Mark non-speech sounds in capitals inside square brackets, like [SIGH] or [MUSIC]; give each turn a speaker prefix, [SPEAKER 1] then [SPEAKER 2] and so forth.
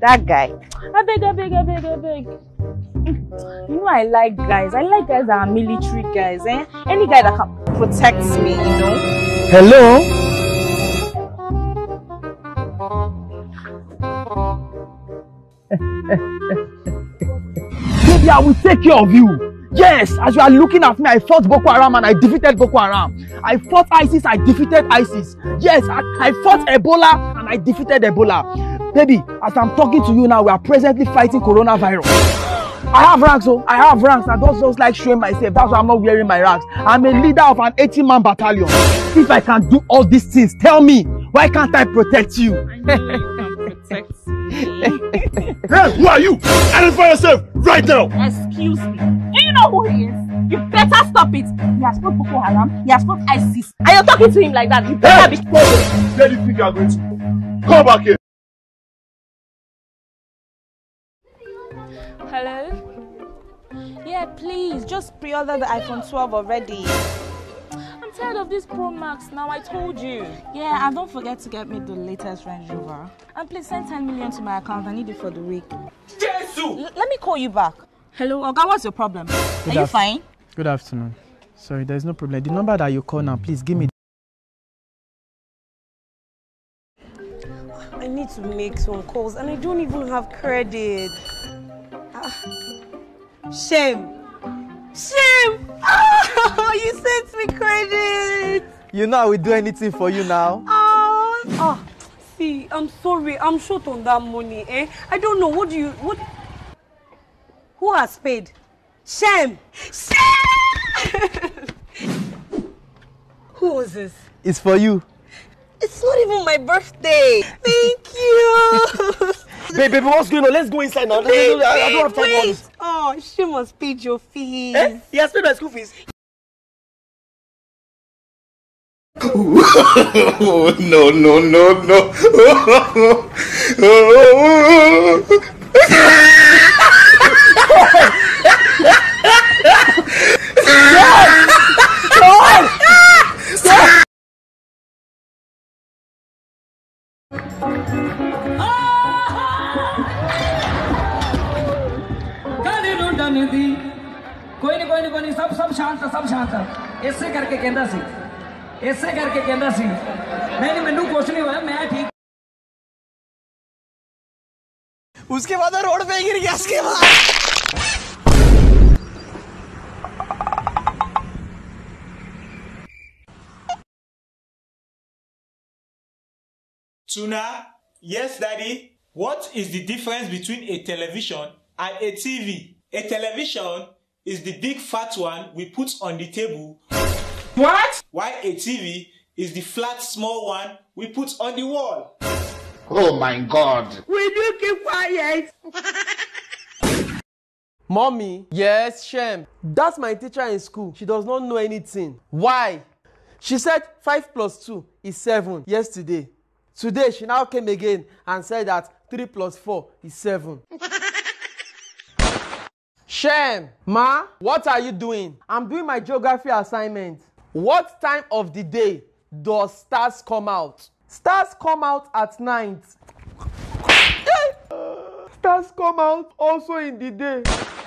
[SPEAKER 1] that guy. I beg, I beg, I beg, I beg. You know I like guys. I like guys that are military guys, eh? Any guy that can protect me, you know. Hello? Baby, I will take care of you. Yes, as you are looking at me, I fought Boko Haram and I defeated Boko Haram. I fought ISIS, I defeated ISIS. Yes, I, I fought Ebola and I defeated Ebola. baby as i'm talking to you now we are presently fighting coronavirus i have ranks o oh. i have ranks i just just like showing myself that's why i'm not wearing my ranks i'm a leader of an 80 man battalion if i can do all these things tell me why can't i protect you. hey [LAUGHS] who are you identify yourself right now. excuse me do you know who he is. You better stop it. He has put Boko Haram. He has put ISIS. And you're talking to him like that. You better hey! be. Where do you think you are going to? Come back here. Hello? Yeah, please, just pre order the iPhone 12 already. I'm tired of this Pro Max now, I told you. Yeah, and don't forget to get me the latest Range Rover. And please send 10 million to my account, I need it for the week. Jesu! let me call you back. Hello, Oga, what's your problem? Good Are you fine? Good afternoon. Sorry, there's no problem. The number that you call now, please give me. I need to make some calls and I don't even have credit. Shame. Shame! Oh, [LAUGHS] you sent me credit! You know I will do anything for you now. Oh, oh, see, I'm sorry. I'm short on that money, eh? I don't know. What do you... What? Who has paid? Shame! Shame! [LAUGHS] Who was this? It's for you. It's not even my birthday. Thank you! [LAUGHS] [LAUGHS] Baby, babe, what's going on? Let's go inside now. Babe, I, I don't have time wait. for Oh, she must pay your fees. Eh? He has paid my school fees. oh, [LAUGHS] no, no, no, no. [LAUGHS] yes! Yes! ਨਹੀਂ ਹੁੰਦੀ ਕੋਈ ਨਹੀਂ ਕੋਈ ਨਹੀਂ ਕੋਈ ਨਹੀਂ ਸਭ ਸਭ ਸ਼ਾਂਤ ਸਭ ਸ਼ਾਂਤ ਇਸੇ ਕਰਕੇ ਕਹਿੰਦਾ ਸੀ ਇਸੇ ਕਰਕੇ ਕਹਿੰਦਾ ਸੀ ਨਹੀਂ ਨਹੀਂ ਮੈਨੂੰ ਕੁਝ ਨਹੀਂ ਹੋਇਆ ਮੈਂ ਠੀਕ उसके बाद रोड पे गिर गया उसके बाद Tuna, yes daddy, what is the difference between a television and a TV? A television is the big fat one we put on the table. What? Why a TV is the flat small one we put on the wall. Oh my god. Will you keep quiet? [LAUGHS] Mommy. Yes, Shem. That's my teacher in school. She does not know anything. Why? She said 5 plus 2 is 7 yesterday. Today, she now came again and said that 3 plus 4 is 7. [LAUGHS] Shem, Ma, what are you doing? I'm doing my geography assignment. What time of the day does stars come out? Stars come out at night. stars come out also in the day.